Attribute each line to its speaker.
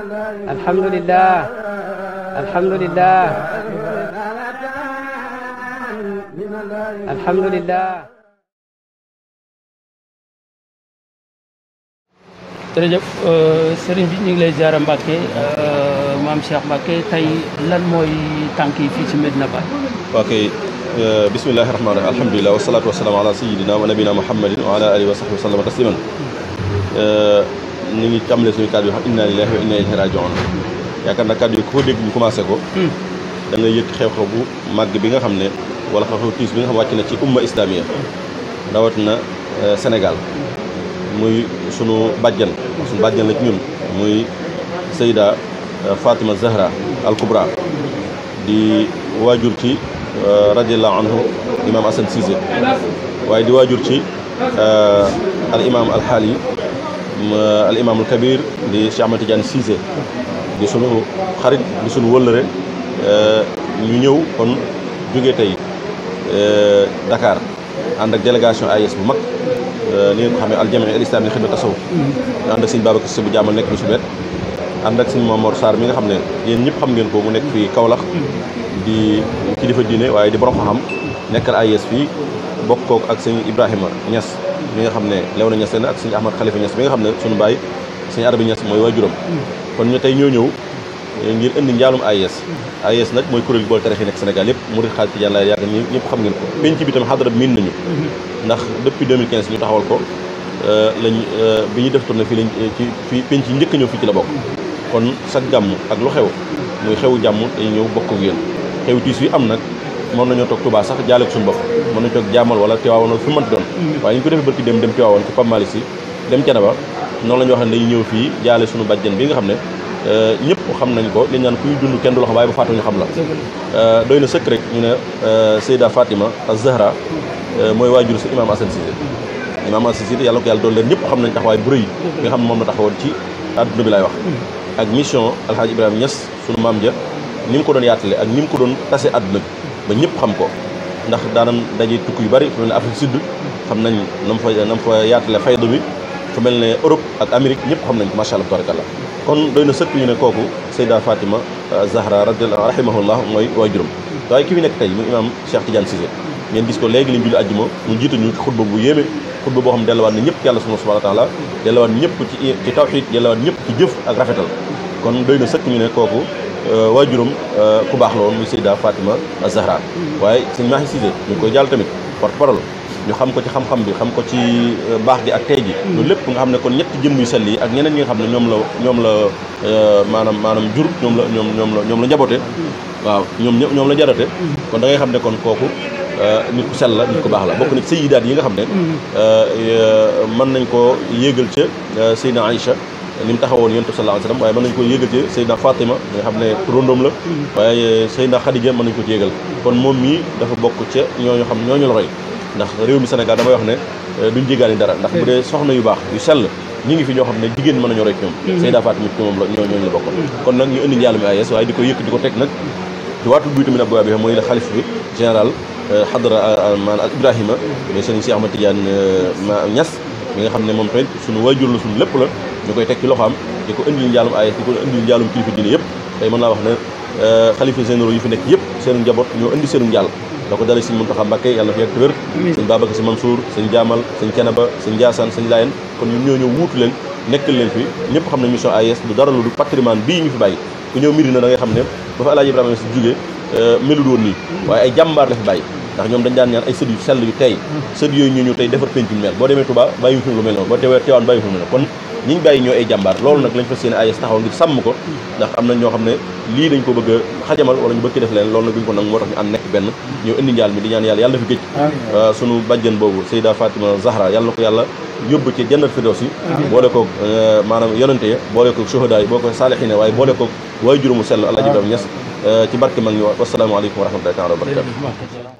Speaker 1: الحمد لله الحمد لله
Speaker 2: الحمد لله jërëjëf euh, sëriñ bi ñu ngi lay ziara Mbacke euh, maam Cheikh Mbacke tey lan mooy tànk yi fii ci Medina Baye. ok euh, bismillahi rahmaani rahim alhamdulilah wasalaatu wasalaam ala sayyidina wa nabina muhammadin wa ala alihi wa sahbihi wa sallam tasliman ñu ngi tàmbalee suñu kàddu yi xam inna lillahi wa inna ilayhi raji'un yaakaar naa kàddu yi ko dégg ñu commencé ko hmm. da nga xew-xew bu màgg bi nga xam ne wala xew-xew tiis bi nga xam wàcc na ci umma islamiya rawat na euh, Sénégal muy suñu bàjjan sunu bàjjan la ci ñun muy Seyda euh, Fatima Zahra al Kubra di waajur ci euh, radiallahu anhu imam Hassan Cissé waaye di waajur ci al imam al Haali Euh, al imaamul kabir di Cheikh Ahmed Tidiane Cissé di sunu xarit di sunu wëllëre euh, ñu ñëw kon jóge tey euh, dakaar ànd ak délégation AIS bu mag ni ngeen ko xamee aljamia al islami xidma tasawuf mm-hmm. ànd ak sëñ Babacar bu jàmmal nekk bi su bet ànd ak sëñ Momor Sarr mi nga xam ne yéen ñëpp xam ngeen ko mu nekk fii Kaolack mm-hmm. di kilifa diine waaye di borom xam nekkal AIS fii bokkook ak sëñ Ibrahima Niass mi nga xam ne lew Léona Niass ak sëñ Ahmad Khalifa Niass mi nga xam ne suñu baay sëñ Arabi Niass mooy waajuram kon ñu tey ñoo ñëw ngir indi njaalum AIS AIS nag mooy kuréel gi boole tariix nekk Sénégal yëpp mu xaalis tijaan laay yaakaar ni ñëpp xam ngeen ko penc bi tam xadara miin nañu ndax depuis 2015 ñu taxawal ko euh, lañ euh, bi ñu def tourné fii lañ euh, ci fii penc yi njëkk ñëw fii ci la bokk kon sa gàmm ak lu xew muy xew jàmm dañu ñëw bokk ak yéen xewu tiis yi am nag mën nañoo toog Touba sax jaale ko suñu bopp mën nañu toog jàmmal wala Tiwaawoon fu mënti doon waaye ñu ko defee barki dem dem Tiwaawoon ci Pape Malick Sy dem noonu la ñu wax ne dañuy ñëw fii jaale suñu bàjjen bi nga xam ne euh, ñëpp xam nañ ko li ñu kuy dund kenn du la xam bu faatu ñu xam la euh, doy na sëkk rek ñu ne euh, Seyda Fatima Az-Zahra mooy waajur sa imaam Assane Cissé imaam Assane Cissé yàlla ko yàlla doon leen ñëpp xam nañ waaye bu rëy bi nga xam ne moom la taxawoon ci adduna bi laay wax ak mission maam ja ni mu ko doon yaatale ak ni mu ko doon tase adduna bi ba ñëpp xam ko ndax daanam daje tukki yu bari fu mel ne Afrique sud xam nañ na mu fa na mu fa yaatale faydu bi fu mel ne Europe ak Amérique ñëpp xam nañ ko macha allah tabarakallah kon doy na sëkk ñu ne kooku Seyda Fatima euh, Zahra radiyallahu rahimahullah mooy waajuram waaye ki fi nekk tey mu imaam Cheikh Tidiane Cissé ngeen gis ko léegi bu yéeme boo xam delluwaat na ñëpp yàlla subhanahu wa taala delluwaat ñëpp ci ci tawxiid delluwaat ñëpp ci jëf ak rafetal kon doy na sëkk ñu ne kooku waa euh, waajuram euh, ku baax la woon muy Seyda Fatima Zahra waaye sëñ Mahi Cissé ñu ngi koy jàll tamit porte parole ñu xam ko ci xam-xam bi xam ko ci euh, baax di ak tey ji hmm. loolu lépp nga xam ne kon ñetti jëmm yu sell yi ak ñeneen ñi nga xam ne ñoom la ñoom la maanaam maanaam jur ñoom la ñoom ñoom la ñoom la njaboote hmm. waaw ñoom ñoom la jarate hmm. kon da xam ne kon kooku nit ku sell la nit ku baax la bokk na sayyidaat yi nga xam ne mën nañ koo yéegal ca Seyda Aïcha ni mu taxawoon yonent bi sallallahu alayhi wasallam waaye mën nañu ko yégal ci Sayda Fatima mi nga xam ne rondoom la waaye Sayda Khadija mën nañu ko ci yégal kon moom mii dafa bokk ca ñooñu xam ñooñu la roy ndax réew mi senegal damay wax ne euh, duñ jéggaani dara ndax bu dee soxna yu baax yu sell ñi ngi fi ñoo xam ne jigéen mën nañoo roy ci ñoom mm-hmm. Sayda Fatima ci moom la ñoo la bokkoon kon nag ñu indi njàll mi ayes waaye di ko yëkk di ko teg nag di waatu buy tamit ab waa bi mooy la xalif bi général xadra euh, euh, maanaam ak Ibrahima mais sëriñ si Ahmad Tidiane Niass mi nga xam ne moom tamit suñu waajur la suñu lépp la ñu teg ci loxo am di ko indil njaalum ay di ko indil njaalum kilifa diine yëpp tey mën naa wax ne euh, xalifa généraux yu fi nekk yëpp seenu njaboot ñoo indi seenu njaal da ko dale sëñ Muntaxa Mbàkke yàlla fi yàgg wér sëñ Babacar Si Mansour sëñ Jaamal sëñ Cenaba sëñ Njaasaan sëñ Layen kon ñun ñoo ñëw wuutu leen nekkal leen fi ñëpp xam ne mission AIS e du dara lu du patrimoine bii ñu fi bàyyi ku ñëw mbiri na xam ne ba fa Alaaji Ibrahima si jógee euh, melut woon nii waaye ay jàmbaar ñaan ay sët yu sell yu tey mm. sët yooyu ñu ñi ñu bàyyi ñoo ay jàmbaar loolu nag lañ fas yéene AIS taxaw ngir sàmm ko ndax am na ñoo xam ne lii dañ ko bëgg a xajamal wala ñu bëgg def leen lool nag duñ ko nangu moo tax ñu ànd nekk benn ñoo indi njaal mi di ñaan yàlla yàlla fi géej euh, sunu bàjjen boobu Seyda Fatima Zahra yàlla ko yàlla yóbbu ci jannat firdaws boole koog euh, maanaam yonante ya boole koog suhadaa yi boole koog saalihiina waaye boole koog waay juróomu sell Alaaji Ibrahima Ñas euh, ci barke mag ñi wasalaamaaleykum wa rahmatullaahi taala wa barakaatu